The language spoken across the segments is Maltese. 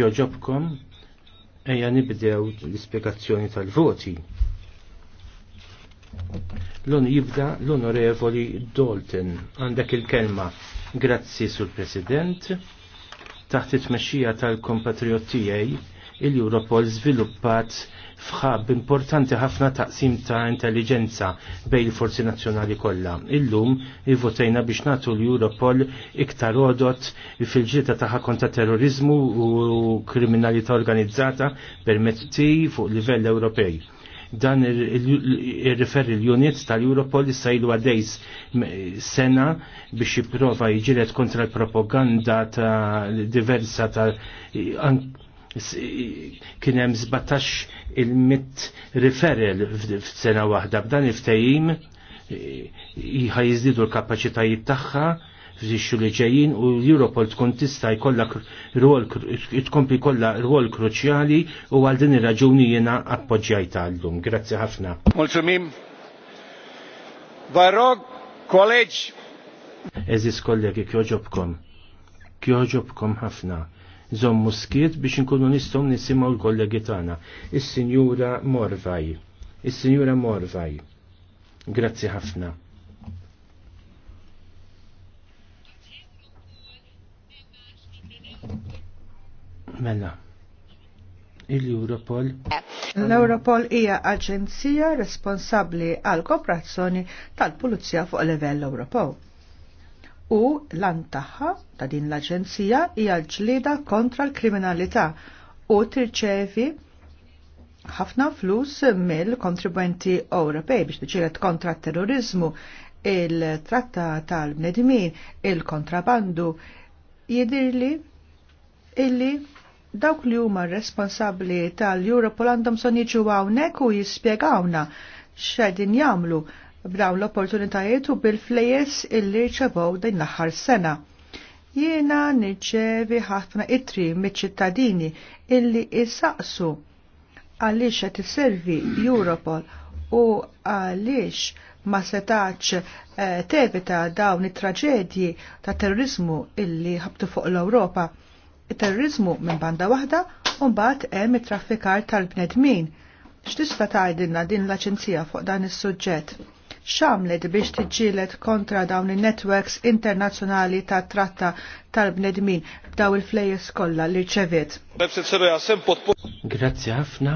Jogħġobkom, joġobkom ejja nibdew l-ispjegazzjoni tal-voti. l un jibda l-onorevoli Dalton għandek il-kelma. Grazzi sul President taħt it-tmexxija tal-kompatriot tiegħi il-Europol żviluppat fħab importanti ħafna taqsim ta' intelligenza bej il-forzi nazzjonali kollha. Illum ivvotejna biex nagħtu l-Europol iktar odot fil-ġieta taħħa konta terrorizmu u kriminalità organizzata permetti fuq livell Ewropej. Dan il referri l-unit tal-Europol jissajlu għadejs sena biex jipprova jġiret kontra l-propaganda ta' diversa ta' kien hemm 17 il-mit referel f'sena waħda b'dan il-ftehim jizdidu l-kapaċitajiet tagħha f'ixxu li ġejjin u l-Europol tkun tista' jkollha rwol tkompli kollha rwol kruċjali u għal din ir-raġuni jiena appoġġjajt għallum. Grazzi ħafna. Mulsumim. Varog College. Eżis kollegi kjoġobkom. Kjoġobkom ħafna zom muskiet biex inkunu nistgħu nisimgħu l-kollegi tagħna. Is-Sinjura Morvaj. Is-Sinjura Morvaj. Grazzi ħafna. Mela. Il-Europol. L-Europol hija aġenzija responsabbli għal kooperazzjoni tal-Pulizija fuq livell Ewropew u lan tagħha ta' din l-Aġenzija hija l-ġlida kontra l-kriminalità u tirċevi ħafna flus mill-kontribwenti Ewropej biex tiġilet kontra t terrorizmu, il-tratta tal-bnedmin, il-kontrabandu, jidirli illi dawk li huma responsabbli tal-Europol għandhom son jiġu hawnhekk u jispjegawna x'qegħdin jagħmlu b'dawn l-opportunitajiet u bil-flejes illi ċabow din l-aħħar sena. Jiena niċċevi ħafna itri miċ-ċittadini illi isaqsu għaliex qed isservi Europol u għaliex ma setax eh, tevita dawn it-traġedji ta' terrorizmu illi ħabtu fuq l-Ewropa. Terrorizmu minn banda waħda u mbagħad hemm it-traffikar tal-bnedmin. X'tista' tgħidilna din l-aġenzija fuq dan is-suġġett? xamlet biex tiġġielet kontra dawn in-networks internazzjonali ta' tratta tal-bnedmin b'daw il-flejes kollha li ċevet. Grazzi ħafna.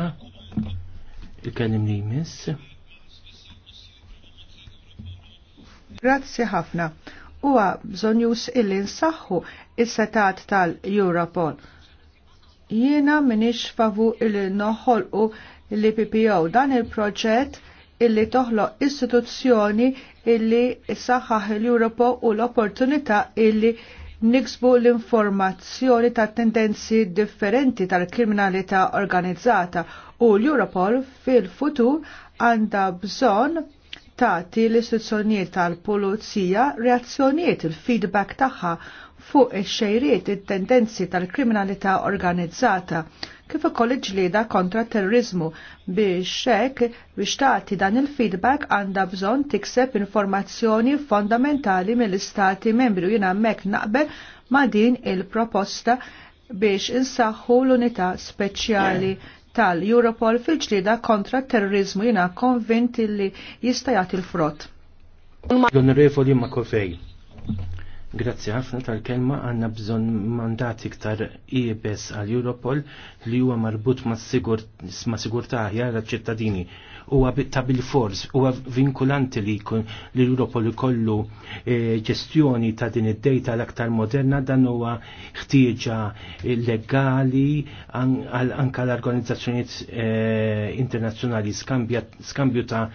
Il-kellim li jmiss. Grazzi ħafna. Huwa bżonjus illi nsaħħu is-setat tal-Europol. Jiena minix favu il-noħolqu l-PPO dan il-proġett illi toħloq istituzzjoni illi saħħaħ l europa u l-opportunità illi niksbu l-informazzjoni ta' tendenzi differenti tal-kriminalità organizzata u l-Europol fil-futur għanda bżon ti l-istituzzjonijiet tal-pulizija reazzjonijiet il-feedback tagħha fuq ix-xejriet it-tendenzi tal-kriminalità organizzata kif ukoll ġlieda kontra terrorizmu biex hekk biex tagħti dan il-feedback għandha bżonn tikseb informazzjoni fondamentali mill-istati membri u jiena hemmhekk naqbel ma' din il-proposta biex insaħħu l-unità speċjali tal-Europol fil ġlieda kontra terrorizmu jina konvinti li jista' jagħti l-frott. L-Onorevoli Makovej. Grazzi ħafna tal-kelma għanna bżon mandat iktar IBS e għal Europol li huwa marbut ma' sigurtà ħjar ċittadini. Huwa ta' bil-fors, huwa vinkulanti li l-Europol kollu eh, ġestjoni ta' din id-dejta l-aktar moderna dan huwa ħtieġa legali anka l-organizzazzjonijiet eh, internazzjonali skambju ta'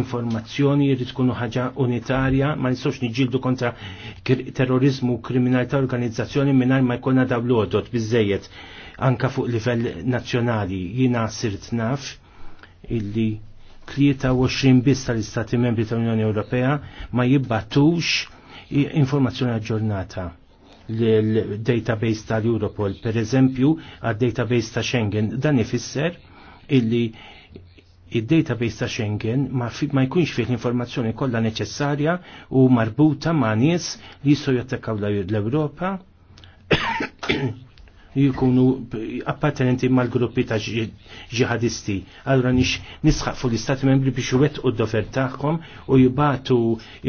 informazzjoni jrid tkunu ħaġa unitarja ma nistgħux niġġieldu kontra terrorizmu u kriminalità organizzazzjoni mingħajr ma jkollna daw l-għodot biżejjed anka fuq livell nazzjonali. Jiena sirt naf illi 23 biss tal-Istati Membri tal-Unjoni Ewropea ma jibbatux informazzjoni aġġornata l-database tal-Europol, per eżempju, għad-database ta' Schengen. Dan ifisser illi id-database ta' Schengen ma, ma jkunx fih l-informazzjoni kollha neċessarja u marbuta ma' nies li jistgħu jattakkaw l-Ewropa jikunu appartenenti mal-gruppi ta' ġihadisti. Allora nix nisħaq fuq l-Istati membri biex u d-dover tagħhom u jibatu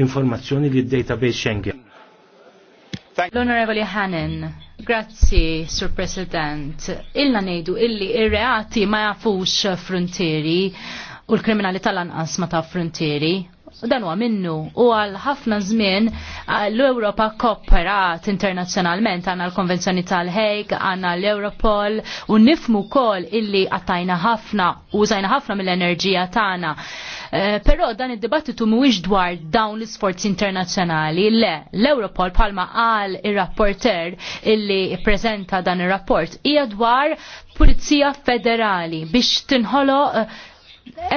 informazzjoni li d-database Schengen. L-Onorevoli Hannan, grazzi, Sur President. Illa nejdu illi ir-reati ma jafux frontieri u l-kriminalità lanqas ma ta' frontieri dan huwa minnu u għal ħafna żmien l-Ewropa kooperat internazzjonalment għandna l-Konvenzjoni tal-Hague, għandna l-Europol u nifmu wkoll illi għattajna ħafna u użajna ħafna mill-enerġija tagħna. E, però dan id-dibattitu mhuwiex dwar dawn l-isforzi internazzjonali, le, l-Europol palma qal ir-rapporter illi ppreżenta dan ir-rapport hija dwar Pulizija Federali biex tinħolo e,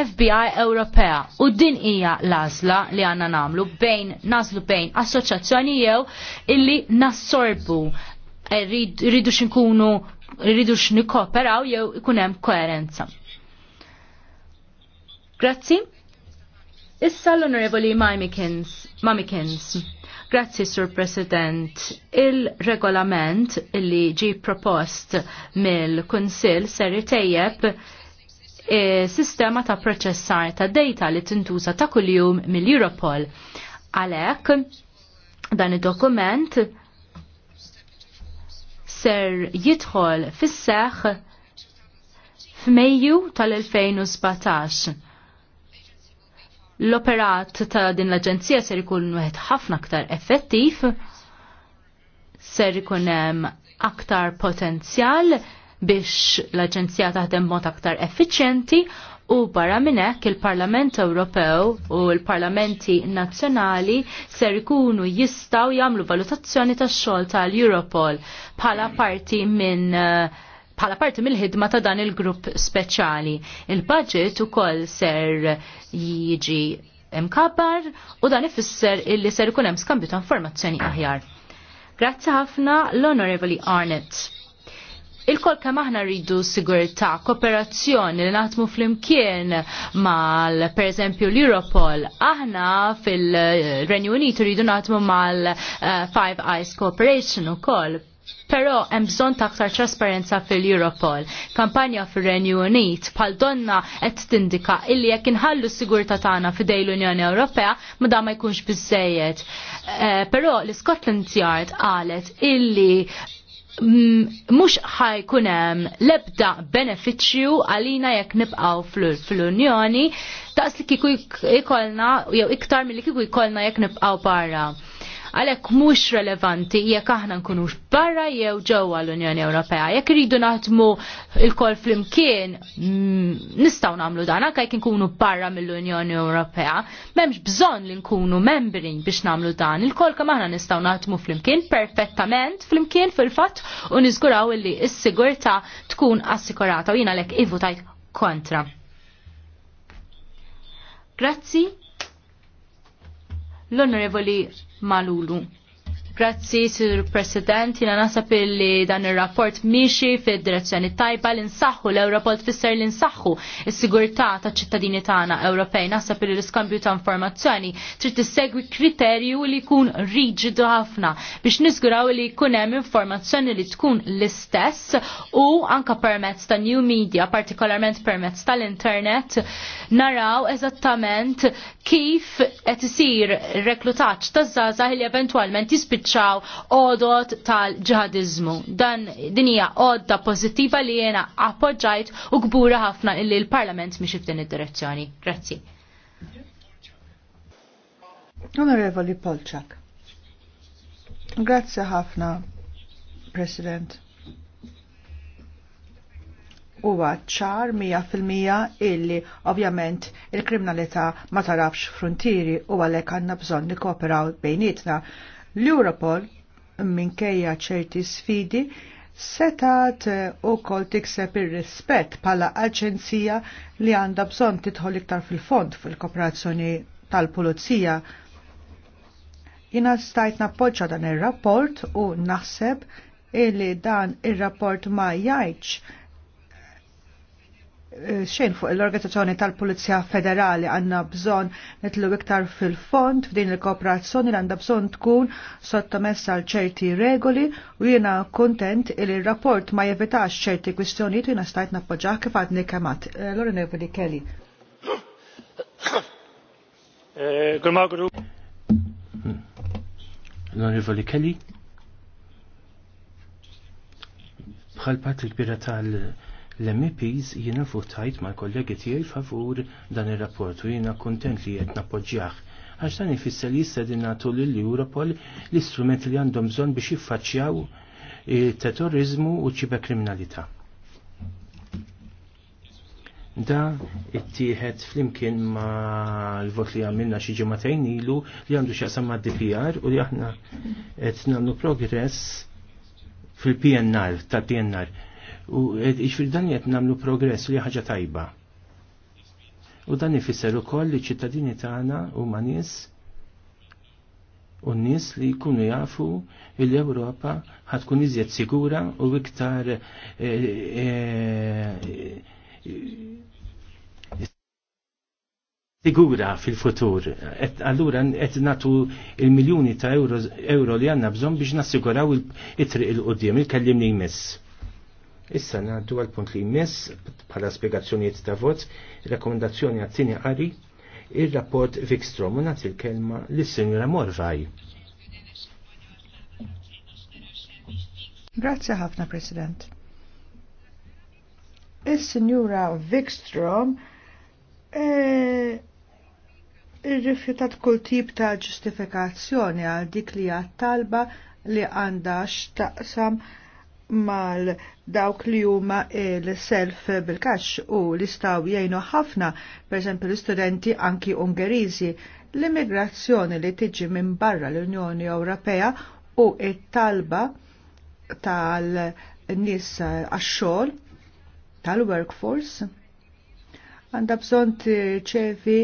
FBI Ewropea u din hija l li għanna namlu bejn naslu bejn assoċjazzjoni jew illi nassorbu eh, rridu xinkunu rridu xnikoperaw jew ikun hemm koerenza. Grazzi. Issa l-Onorevoli Mamikins. Mamikins. Grazzi, Sur President. Il-regolament illi ġi propost mill-Kunsil ser tejjeb E, sistema ta' proċessar ta' data li tintuża ta' kuljum mill-Europol. Għalhekk dan id-dokument ser jidħol fis-seħħ f'Mejju tal-2017. L-operat ta' din l-Aġenzija ser ikun wieħed ħafna aktar effettiv, ser ikun hemm aktar potenzjal biex l-Aġenzija taħdem mod aktar effiċjenti u barra minnek il-Parlament Ewropew u l-Parlamenti Nazzjonali ser ikunu jistaw jagħmlu valutazzjoni tax-xogħol tal-Europol bħala parti minn eh, bħala parti mill-ħidma ta' dan il-grupp speċjali. Il-budget ukoll ser jiġi mkabbar u dan ifisser illi ser ikun hemm skambju ta' informazzjoni aħjar. Grazzi ħafna l-Onorevoli Arnett. Il-kol kam aħna rridu sigurta, kooperazzjoni li naħdmu fl-imkien mal, per eżempju, l-Europol. Aħna fil-Renju Unitu rridu naħdmu mal eh, Five Eyes Cooperation u kol. Pero hemm bżonn ta' aktar trasparenza fil-Europol. Kampanja fir-Renju Unit bħal donna qed tindika illi jekk inħallu s-sigurta tagħna fidej l-Unjoni Ewropea ma da ma jkunx biżejjed. Eh, però l-Scotland Yard qalet illi mux ħajkunem lebda beneficju għalina jekk nibqaw fl-Unjoni, taqs li kiku ikolna, jew iktar mill-li kiku ikolna jekk nibqaw barra. Għalhekk mhux relevanti jekk aħna nkunux barra jew ġewwa l-Unjoni Ewropea. Jekk iridu naħdmu lkoll kol flimkien mm, nistgħu nagħmlu dan anke jekk inkunu barra mill-Unjoni Ewropea, m'hemmx bżonn li nkunu membri biex nagħmlu dan. Il-kol kemm aħna nistgħu naħdmu flimkien perfettament flimkien fil-fatt u niżguraw illi s-sigurtà tkun assikurata u jiena lek ivu kontra. Grazzi l-Onorevoli Malulu. Grazzi, Sir President, jina nasab li dan il-rapport miexi fid direzzjoni tajba li nsaħħu l-Europol tfisser li nsaħħu s-sigurtà ta' ċittadini tagħna Ewropej. Nasab li l-iskambju ta' informazzjoni trid tissegwi kriterju li jkun riġidu ħafna biex niżguraw li jkun hemm informazzjoni li tkun l-istess u anka permezz ta' new media, partikolarment permezz tal-internet, naraw eżattament kif qed isir reklutaġġ taż-żgħażagħ li eventwalment jispiċċa jispiċċaw odot tal-ġihadizmu. Dan dinija odda pozittiva li jena appoġġajt u gbura ħafna illi l-Parlament miex f'din id-direzzjoni. Grazzi. Onorevoli Polczak. Grazzi ħafna, President. Huwa ċar mija fil-mija illi ovvjament il-kriminalità ma tarafx frontieri u għalhekk għandna bżonn nikkooperaw bejnietna L-Europol minkejja ċerti sfidi setat eh, u kol tikseb ir-rispett pala aġenzija li għanda bżon titħol iktar fil-fond fil-kooperazzjoni tal-pulizija. Jina stajt nappoċa dan ir-rapport u naħseb illi dan ir-rapport ma jajċ Eh, xejn fuq l-organizzazzjoni tal-Pulizija Federali għanna bżon nitlu iktar fil-fond f'din il-kooperazzjoni li għandha bżon tkun sottomessa għal ċerti regoli u jiena kontent il rapport ma jevitax ċerti kwistjonijiet u jiena stajt nappoġġaħ kif għadni kemmat. Lorna eh, Nevoli Kelly. L-Onorevoli Kelly, bħal parti kbira tal- l mps jiena votajt ma' kollegi tiegħi favur dan ir-rapport u jiena kontent li qed nappoġġjah għax dan ifisser li jista' nagħtu l Europol l-istrumenti li għandhom bżonn biex jiffaċċjaw terrorizmu u ċiberkriminalità. Da ittieħed flimkien ma l-vot li għamilna xi ġimagħtejn ilu li għandu x'jaqsam ma' DPR u li aħna qed nagħmlu progress fil-PNR, tal-PNR u eh, iġfir dan jett namlu progress li ħaġa tajba. U dan ifisser ukoll li ċittadini tagħna huma nies u nies li jkunu jafu l ewropa ħatkun iżjed sigura u iktar eh, eh, sigura fil-futur. Allura qed natu il-miljuni ta' euro, li għandna bżonn biex nassiguraw it-triq il-qudiem, il-kellim li jmiss. Issa naddu għal punt li jmiss bħala spiegazzjoniet ta' vot, rekomendazzjoni għazzini għari, il-rapport Vikstrom, unat il-kelma s sinjora Morvaj. Grazie ħafna, President. Il-Sinjura Vikstrom e irrifjutat kull tip ta' ġustifikazzjoni għal dik li għat talba li għandax taqsam mal dawk li huma il-self bil-kaxx u li staw jgħinu ħafna, per l-istudenti anki Ungeriżi, l-immigrazzjoni li tiġi minn barra l-Unjoni Ewropea u it-talba tal-nies għax-xogħol tal-workforce għandha bżonn ċevi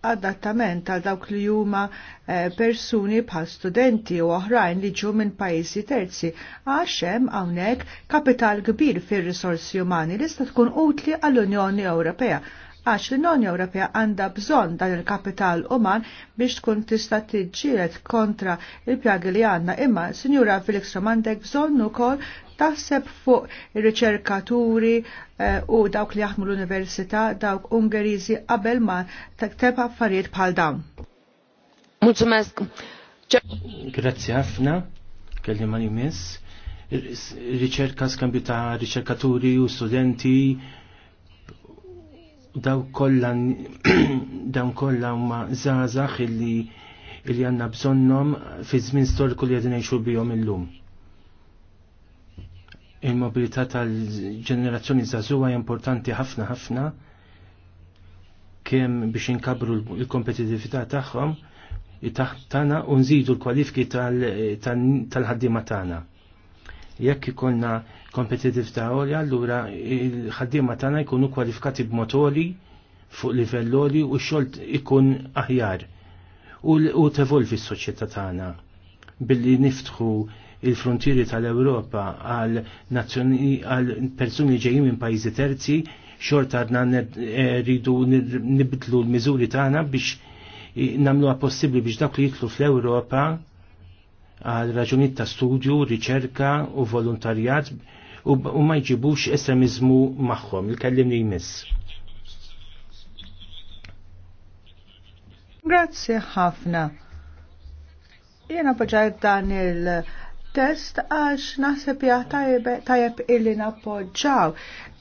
adattament għal dawk li huma eh, persuni bħal studenti u oħrajn li ġu minn pajjiżi terzi għax hemm hawnhekk kapital kbir fir-risorsi umani li sta tkun utli għall-Unjoni Ewropea għax l-Unjoni Ewropea għandha bżonn dan il-kapital uman biex tkun tista' tiġġieled kontra il-pjagi li għandna imma Sinjura Felix Romandek bżonn ukoll taħseb fuq il riċerkaturi eh, u dawk li jaħdmu l-università, dawk Ungeriżi qabel ma tekteb affarijiet bħal dawn. Mulzumesk. Grazzi ħafna, kelli ma jmiss. Riċerka skambju ta' riċerkaturi u studenti daw kollha dawn kollha huma żgħażagħ li illi għandna bżonnhom fi żmien storiku li qegħdin ngħixu bihom illum il-mobilità tal-ġenerazzjoni zazuwa importanti ħafna ħafna kemm biex inkabru l-kompetitività tagħhom tagħna u nżidu l-kwalifiki tal-ħaddiema tagħna. Jekk ikollna kompetitività għolja, allura il-ħaddiema tagħna jkunu kwalifikati b'motori fuq livell oli u x-xogħol ikun aħjar u tevolvi s-soċjetà tagħna billi niftħu il-frontieri tal-Ewropa għal persuni ġejjin minn pajjiżi terzi, xorta għadna eh, rridu nibdlu l-miżuri tagħna biex nagħmluha possibbli biex dak li jitlu fl-Ewropa għal raġunijiet ta' studju, riċerka u volontarjat u ma jġibux estremizmu magħhom, il-kellimni jmiss. Grazzi ħafna. Jena bħġajt dan il- test għax naħseb tajjeb illi nappoġġaw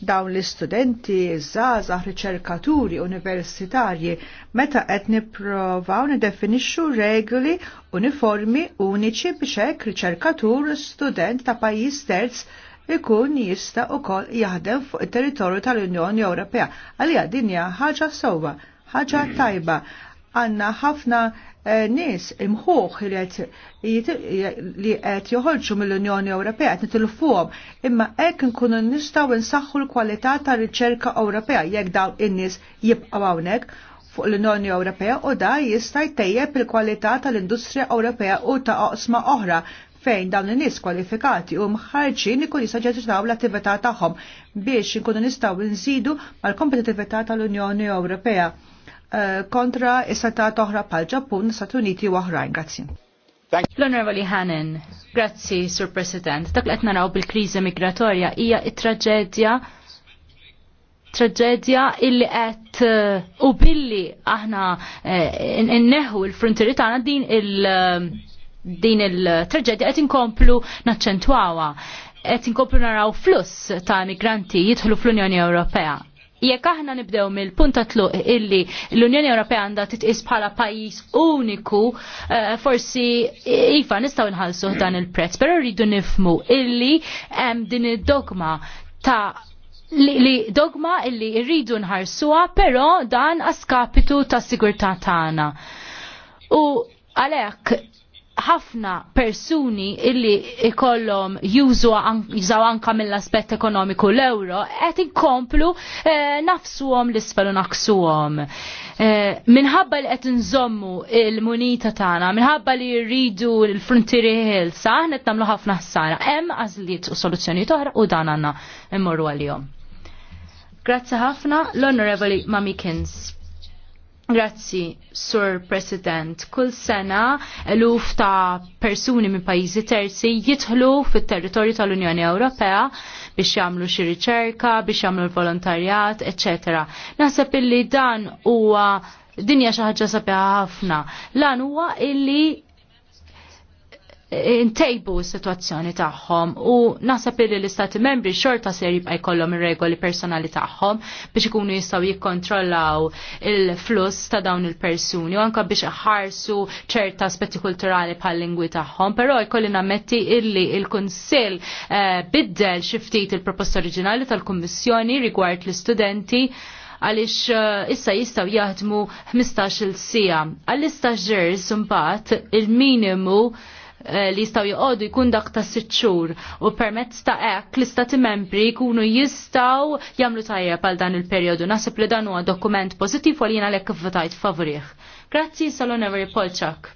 dawn l-istudenti, żgħażagħ, riċerkaturi universitarji meta qed nipprovaw nidefinixxu regoli uniformi uniċi biex hekk riċerkatur student ta' pajjiż terz ikun jista' ukoll jaħdem fuq it-territorju tal-Unjoni Ewropea. Għalija din hija ħaġa sewwa, ħaġa tajba għanna ħafna eh, nis imħuħ li qed joħolġu mill-Unjoni Ewropea għet nitilfuħom, imma hekk nkunu nistgħu nsaħħu l-kwalità tar-riċerka Ewropea jekk dawn in-nies jibqgħu hawnhekk fuq l-Unjoni Ewropea u da jista' jtejjeb il-kwalità tal-Industrija Ewropea u ta' oqsma oħra fejn dawn in-nies kwalifikati u mħarġin ikun jista' ġeġitaw l-attività tagħhom biex inkunu nistgħu nżidu mal-kompetitività tal-Unjoni Ewropea Eh, kontra is-seta toħra pal ġappun Stati Uniti u oħrajn. Grazzi. L-Onorevoli Hannan, grazzi, Sur President. Dak li qed naraw bil-kriżi migratorja hija traġedja traġedja illi qed eh, u billi aħna eh, inneħu l-frontieri tagħna din il- din il-traġedja qed inkomplu naċċentwawha qed inkomplu naraw fluss ta' migranti jidħlu fl-Unjoni Ewropea jekk aħna nibdew mill-punta tluq illi l-Unjoni Ewropea għandha titqis bħala pajjiż uniku, eh, forsi iva nistgħu nħallsuh dan il-prezz, però rridu nifmu illi hemm din id-dogma ta' li, li dogma illi rridu nħarsuha, però dan għaskapitu tas sigurtà tagħna. U għalhekk ħafna persuni illi ikollhom jużaw anka mill-aspett ekonomiku l-euro qed inkomplu eh, nafsuhom l-isfel u naqsuhom. Eh, minħabba li qed nżommu il-munita tagħna, minħabba li rridu l-frontieri ħilsa, aħna qed nagħmlu ħafna ħsara. Hemm għażliet u soluzzjonijiet oħra u dan għandna immorru għalihom. Grazzi ħafna l Mami Kins. Grazzi, Sur President. Kull sena eluf ta' persuni minn pajjiżi terzi jidħlu fit-territorju tal-Unjoni Ewropea biex jagħmlu xi riċerka, biex jagħmlu volontarjat, etc. Naħseb illi dan huwa dinja xi ħaġa sabiħa ħafna. Lan huwa illi intejbu s-situazzjoni tagħhom u naħseb li l-istati membri xorta ser jibqa' jkollhom ir-regoli personali tagħhom biex ikunu jistgħu jikkontrollaw il-fluss ta' dawn il-persuni u anke biex ħarsu ċerta aspetti kulturali bħal-lingwi tagħhom, però jkolli nammetti illi il-Kunsill eh, biddel xi ftit il-proposta oriġinali tal-Kummissjoni rigward l-istudenti għalix uh, eh, issa jistaw jaħdmu 15 il-sija. għal istaġġers il minimu Eh, li jistaw joqodu jkun dak ta' sitxur u permezz ta' ek l-istati membri jkunu jistaw jamlu tajjeb għal dan il-periodu. Nasib li dan huwa dokument pozittiv għal jina lekk votajt favorih. Grazzi, Saloneveri Polczak.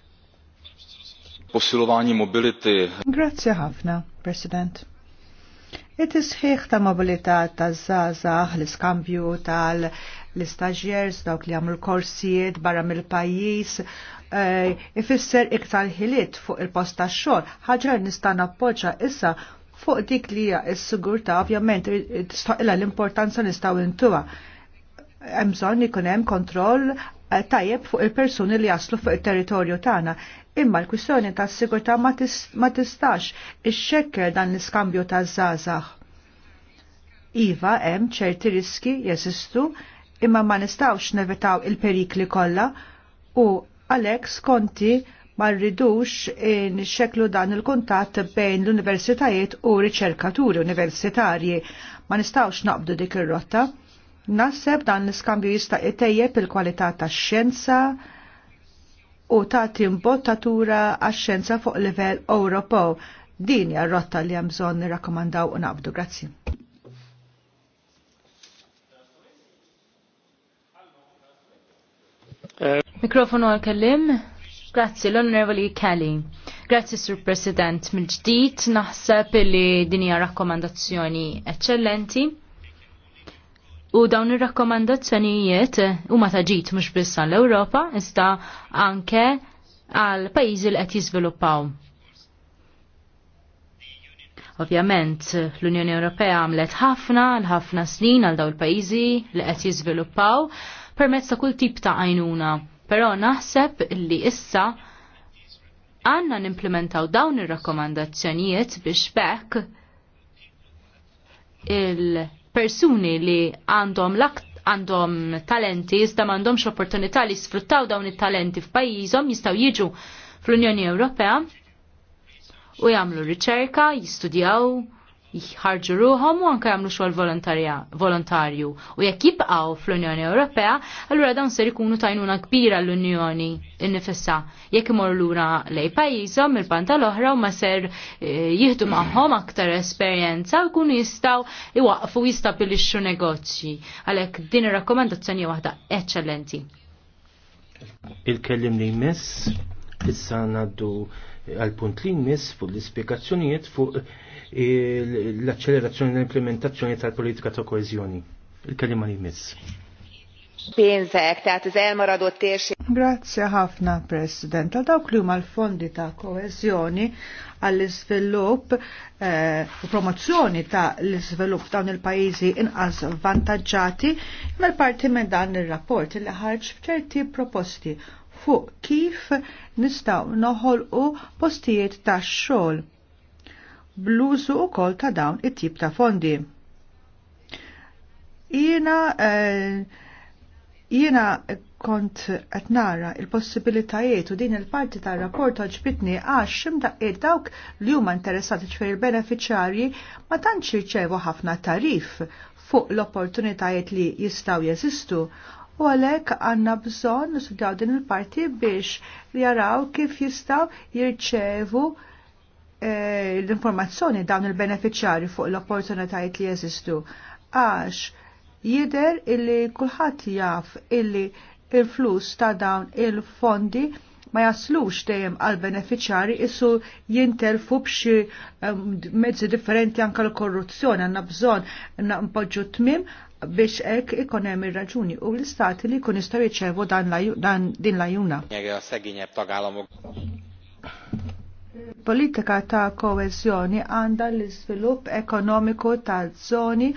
Posilovani mobility. Grazzi ħafna, President. It-isħiħ ta' mobilità ta' zazah, l-iskambju tal- l-istaġjers, dawk li għamlu korsijiet barra mill-pajis, Eh, ifisser iktar ħiliet fuq il-post tax-xogħol, ħaġa nista' nappoġġa issa fuq dik li hija s-sigurtà ovvjament tistaqilha l-importanza nistgħu intuha. Hemm bżonn ikun hemm kontroll eh, tajjeb fuq il-persuni li jaslu fuq il-territorju tagħna. Imma l-kwistjoni tas-sigurtà ma tistax ixxekkel dan l-iskambju taż-żgħażagħ. Iva hemm ċerti riski jeżistu imma ma nistgħux nevitaw il-perikli kollha u Għalhekk skonti ma rridux eh, xeklu dan il-kuntatt bejn l-universitajiet u riċerkaturi universitarji. Ma nistawx naqbdu dik ir-rotta. Nasseb dan l-iskambju jista' itejjeb il-kwalità tax-xjenza u tagħti timbottatura għax-xjenza fuq livell Ewropew. Din hija r-rotta li hemm bżonn nirrakkomandaw u naqbdu. Grazzi. Mikrofonu għal-kellim. Grazzi, l-Onorevoli Kelly. Grazzi, Sur President. Mil-ġdijt naħseb li dinja rakkomandazzjoni eccellenti. U dawn ir-rakkomandazzjonijiet huma ta' ġid mhux biss għall-Ewropa, iżda anke għal pajjiżi li qed jiżviluppaw. Ovvjament, l-Unjoni Ewropea għamlet ħafna, l-ħafna snin għal daw il-pajjiżi li qed jiżviluppaw, permezz ta' kull tip ta' għajnuna. Però naħseb li issa għanna nimplementaw dawn ir-rakkomandazzjonijiet biex bekk il-persuni li għandhom l-akt għandhom talenti, iżda m'għandhomx opportunità li sfruttaw dawn it-talenti f'pajjiżhom jistgħu jiġu fl-Unjoni Ewropea u jagħmlu riċerka, jistudjaw, jħarġu ruħom u anke jagħmlu xogħol volontarju. U jekk jibqgħu fl-Unjoni Ewropea, allura dawn ser ikunu tajnuna kbira l-Unjoni innifissa. Jekk imorru lura lej pajjiżhom il-panta l-oħra u ma ser eh, jieħdu magħhom aktar esperjenza u jkunu jistgħu iwaqfu jistabilixxu negozji. Għalhekk din ir-rakkomandazzjoni waħda eċċellenti. Il-kellim li jmiss Issa naddu għal punt li jmiss fuq l-ispiegazzjonijiet fuq l-accelerazzjoni l-implementazzjoni tal-politika ta' koezjoni. Il-kelima li jmiss. Pénzek, tehát az elmaradott térség. Grazie ħafna, President. Għal dawk li huma l-fondi ta' koezjoni għall-iżvilupp u eh, promozzjoni ta' l-iżvilupp dawn il-pajjiżi inqas vantaġġati mal-parti minn dan ir-rapport li ħarġ f'ċerti proposti fuq kif nistaw noħolqu postijiet ta' xogħol bluzu u kol ta' dawn it-tip ta' fondi. Jena eh, jena kont etnara il-possibilitajiet u din il-parti tar rapport ġbitni għax id dawk li huma interessati ċfer il-beneficjarji ma tantx jirċevu ħafna tarif fuq l-opportunitajiet li jistaw jeżistu u għalhekk għandna bżonn nistudjaw din il-parti biex jaraw kif jistgħu jirċevu eh, l-informazzjoni dawn il-beneficjari fuq l-opportunitajiet li jeżistu. Għax jider illi kulħadd jaf illi il-flus ta' dawn il-fondi ma jaslux dejjem għal beneficjari issu jintelfu b'xi eh, mezzi differenti anka l-korruzzjoni għandna bżonn npoġġu tmim biex ek ikonem ir-raġuni u l-istati li kun istaw jċevu dan, dan din lajuna. Politika ta' koezjoni għanda l svilup ekonomiku ta' zoni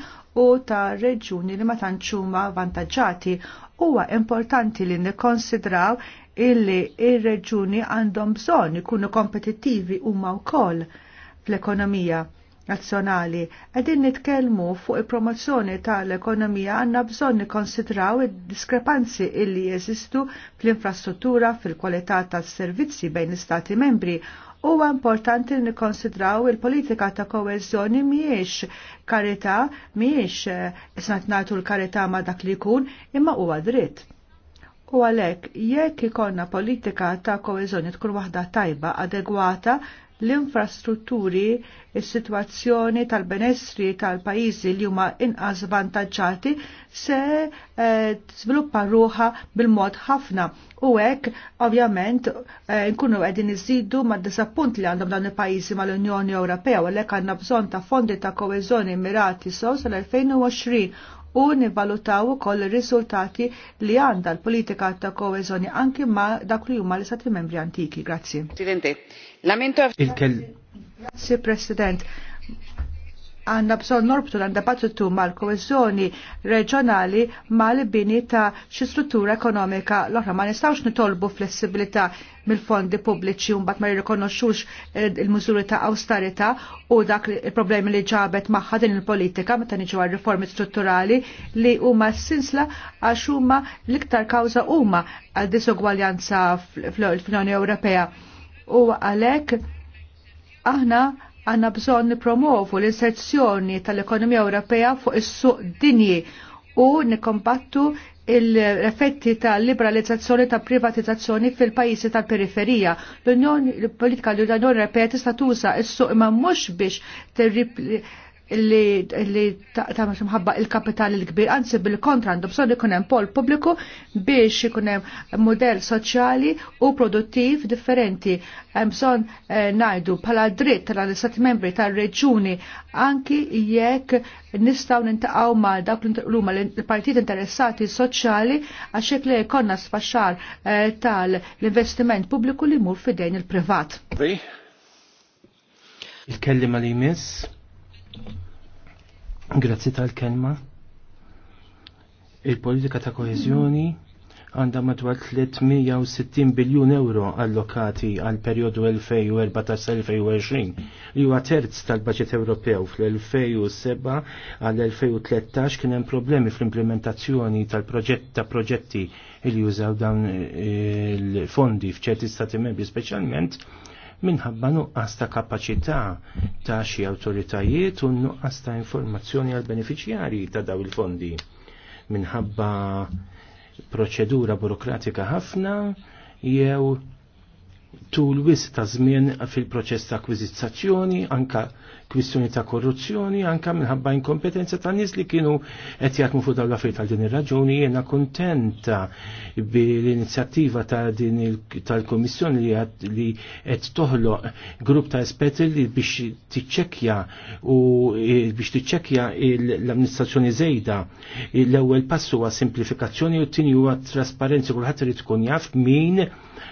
u ta' reġuni li ma tanċuma vantaġġati. Huwa importanti li nikkonsidraw illi il reġuni għandhom bżonn ikunu kompetittivi huma wkoll fl-ekonomija nazzjonali. Qegħdin nitkellmu fuq il-promozzjoni tal-ekonomija għandna bżonn nikkonsidraw id-diskrepanzi illi jeżistu fl-infrastruttura fil-kwalità tas-servizzi bejn l-Stati membri huwa importanti nikkonsidraw il-politika ta' koezjoni mhijiex karità mhijiex eh, isnat nagħtu l-karità ma' dak li jkun imma huwa dritt. U għalhekk jekk ikonna politika ta' koezjoni tkun waħda tajba adegwata l-infrastrutturi, il sitwazzjoni tal-benessri tal-pajjiżi li huma inqas vantaġġati se eh, tżviluppa eh, ruħa bil-mod ħafna. U hekk ovvjament eh, nkunu qegħdin iżidu mad-disappunt li għandhom dawn il-pajjiżi mal-Unjoni Ewropea u għalhekk għandna bżonn ta' fondi ta' koeżjoni mirati sew sal-2020 u nivalutaw ukoll ir-riżultati li għandha l-politika ta' koeżjoni anki ma' dak li huma l-istati membri antiki. Grazzi. Il-kel. Grazie President għanna bżon norbtu għanda battutu mal-koezjoni reġjonali mal-bini ta' xi struttura ekonomika l-oħra. Ma nistawx nitolbu flessibilità mill-fondi pubbliċi un bat ma jirrikonoxxux eh, il-mużuri ta' austerita u dak il-problemi li ġabet magħha din il-politika meta niġu għal riformi strutturali li huma sinsla għax huma l-iktar kawża huma għal disugwaljanza fl-Unjoni Ewropea. U għalhekk aħna Għanna bżon nipromovu l-inserzjoni tal-ekonomija Ewropea fuq is-suq dinji u nikombattu l-effetti tal liberalizzazzjoni ta' privatizzazzjoni fil-pajjiżi tal-periferija. L-Unjoni l Politika l-Unjoni Ewropea tista' tuża s-suq imma mhux biex li ta' mħabba il-kapital il-kbir, anzi bil-kontra għandu bżonn ikun hemm pol pubbliku biex ikun hemm modell soċjali u produttiv differenti. Hemm bżonn eh, ngħidu bħala dritt tal-istati membri tar-reġuni anki jekk nistgħu nintaqgħu ma' dawk l-huma l-partit interessati soċjali għax hekk li jkollna sfaxxar eh, tal-investiment pubbliku li jmur fidejn il-privat. Il-kellima li jmiss Grazzi tal-kelma. Il-politika ta' koezjoni għandha madwar 360 biljun euro allokati għal periodu 2014-2020 li huwa terz tal-Baġit Ewropew fl-2007 għal 2013 kien hemm problemi fl-implementazzjoni tal-proġett ta' proġetti li jużaw dawn il-fondi f'ċerti stati membri speċjalment minħabba nuqqas ta' kapaċità ta' xi awtoritajiet u nuqqas ta' informazzjoni għal beneficjari ta' daw il-fondi. Minħabba proċedura burokratika ħafna jew tul wis ta' żmien fil-proċess ta' akkwiżizzazzjoni, anka kwistjoni ta' korruzzjoni, anka minħabba inkompetenza ta' nies li kienu qed jaqmu fuq dawn l-affarijiet għal din ir-raġuni jiena kuntenta bil-inizjattiva ta' din tal-Kummissjoni li qed toħloq grupp ta' esperti li biex tiċċekkja u eh, biex tiċċekkja l-amministrazzjoni żejda. L-ewwel passu huwa simplifikazzjoni u t-tieni huwa trasparenzi kulħadd irid tkun jaf min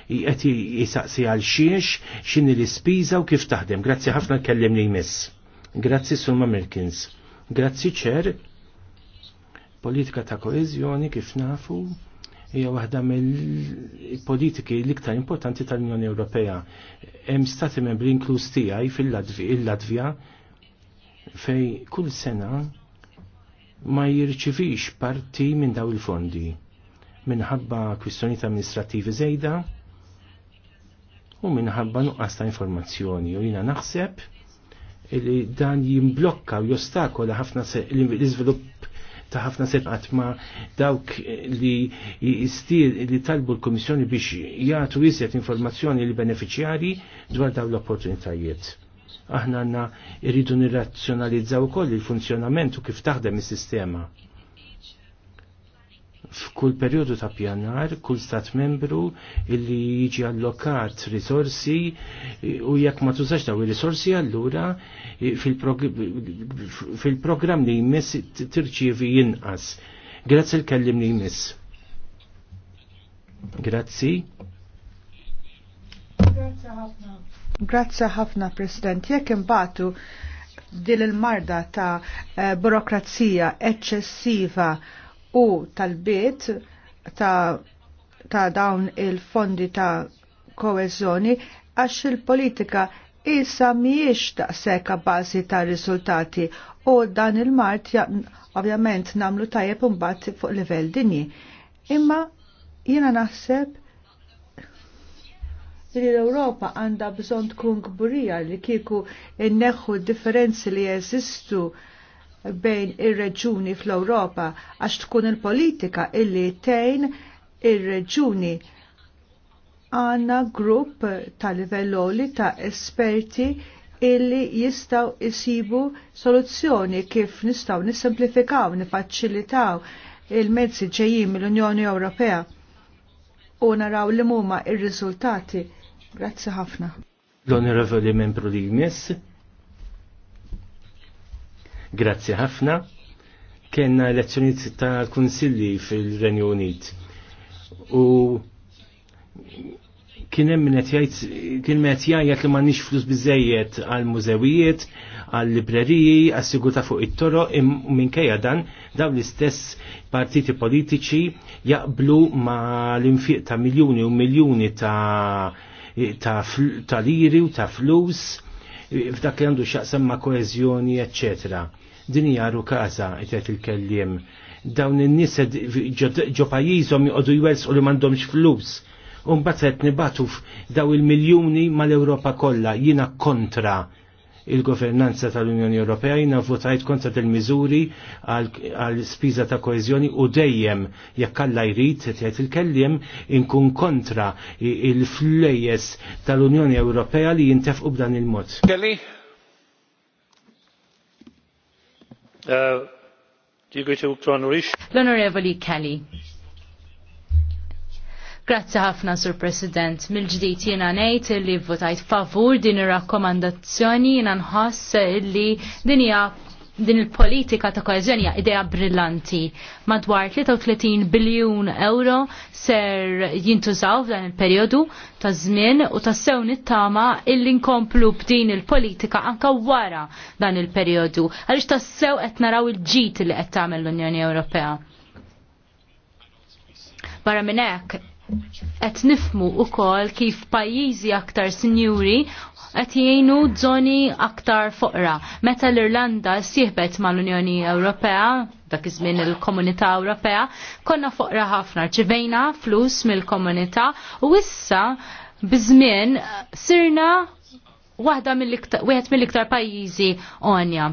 qed jisaqsi għal xiex, x'inhi l-ispiża u kif taħdem. Grazzi ħafna li jmiss. Grazzi Sulma Milkins. Grazzi ċer. Politika ta' koezjoni kif nafu hija waħda mill-politiki l-iktar importanti tal-Unjoni Ewropea. Hemm stati membri inkluż tiegħi fil-Latvja fej kull sena ma jirċivix parti minn daw il-fondi minħabba kwistjonijiet amministrativi żejda u minħabba nuqqas ta' informazzjoni u jiena naħseb li dan jimblokka u jostakola ħafna l-iżvilupp ta' ħafna setqat ma' dawk li jistil li talbu l-Komissjoni biex jgħatu jizjet informazzjoni li beneficjari dwar daw l-opportunitajiet. Aħna għanna irridu nirrazzjonalizzaw koll il-funzjonament u kif taħdem is-sistema f'kull perjodu ta' pjanar, kull stat membru illi jiġi allokat risorsi e, u jekk ma tużax daw ir risorsi allura e, fil-programm li jmiss tirċievi jinqas. Grazzi l-kellim li jmiss. Grazzi. Grazzi ħafna. Grazzi ħafna, President. Jekk imbatu din il-marda ta' eh, burokrazija eċċessiva u tal-bit ta', ta dawn il-fondi ta' koezzjoni għax il-politika issa miex seka bazi ta' riżultati u dan il-mart ovvjament namlu tajjeb imbagħad fuq livell dinji. Imma jiena naħseb li l-Ewropa għandha bżonn tkun kburija li kieku inneħħu differenzi li jeżistu bejn ir-reġuni fl-Ewropa għax tkun il-politika illi tejn ir-reġuni għanna grupp ta' livelloli ta' esperti illi jistaw isibu soluzzjoni kif nistaw nisimplifikaw, nifaċilitaw il-mezzi ġejjin mill-Unjoni Ewropea u naraw li muma ir-riżultati. Grazzi ħafna. L-onorevoli membru li jmiss. Grazzi ħafna. Kenna elezzjoniet tal-Kunsilli fil-Renju Unit. U kien kien qed jgħid li m'għandniex flus biżejjed għal mużewijiet, għal libreriji, għas sigurta fuq it-toroq minkejja dan dawn l-istess partiti politiċi jaqblu ma l-infiq ta' miljuni u miljuni ta' ta' liri u ta' flus f'dak li għandu xaqsam ma' koezjoni, eccetera. Din jaru kaza, qed il-kelliem. Dawn in-nies ġo pajjiżhom joqogħdu jwersqu li m'għandhomx flus. Un qed nibatu daw il-miljuni mal-Ewropa kollha jiena kontra il-governanza tal-Unjoni Ewropea jina votajt kontra del-miżuri għal spiża ta' koezjoni u dejjem jekk alla jrid qed il-kelliem inkun kontra il-flejjes tal-Unjoni Ewropea li jintefqu b'dan il-mod. Kelly. Uh, L-Onorevoli Kelly. Grazzi ħafna, Sur President. Mil-ġdijt jena nejt li votajt favur din ir-rakkomandazzjoni jena nħoss li din hija din il-politika ta' koezjoni idea brillanti. Madwar 33 biljun euro ser jintużaw f'dan il-periodu ta' żmien u ta' sew nittama illi nkomplu b'din il-politika anka wara dan il-periodu. Għaliex ta' sew qed naraw il-ġit li qed tagħmel l-Unjoni Ewropea. Barra minn hekk qed nifmu wkoll kif pajjiżi aktar sinjuri qed jgħinu żoni aktar foqra. Meta l-Irlanda sieħbet mal-Unjoni Ewropea, dak iż-żmien il-Komunità Ewropea, konna foqra ħafna, ċivejna flus mill-komunità u issa biżmien sirna waħda mill-iktar pajjiżi onja.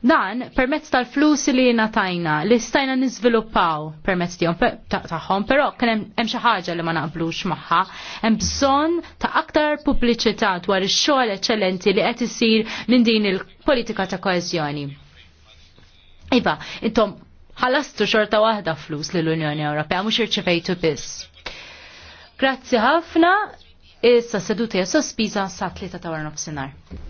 Dan permezz tal-flus li tajna, li stajna nizviluppaw permezz tijom taħħom, pero kien hemm xi ħaġa li ma naqblux magħha. Hemm bżonn ta' aktar pubbliċità dwar ix-xogħol eċċellenti li qed isir minn din il-politika ta' koeżjoni. Iva, intom ħalastu xorta waħda flus lill-Unjoni Ewropea mhux irċevejtu biss. Grazzi ħafna, issa seduti sospiża sa' tlieta ta' war nofsinhar.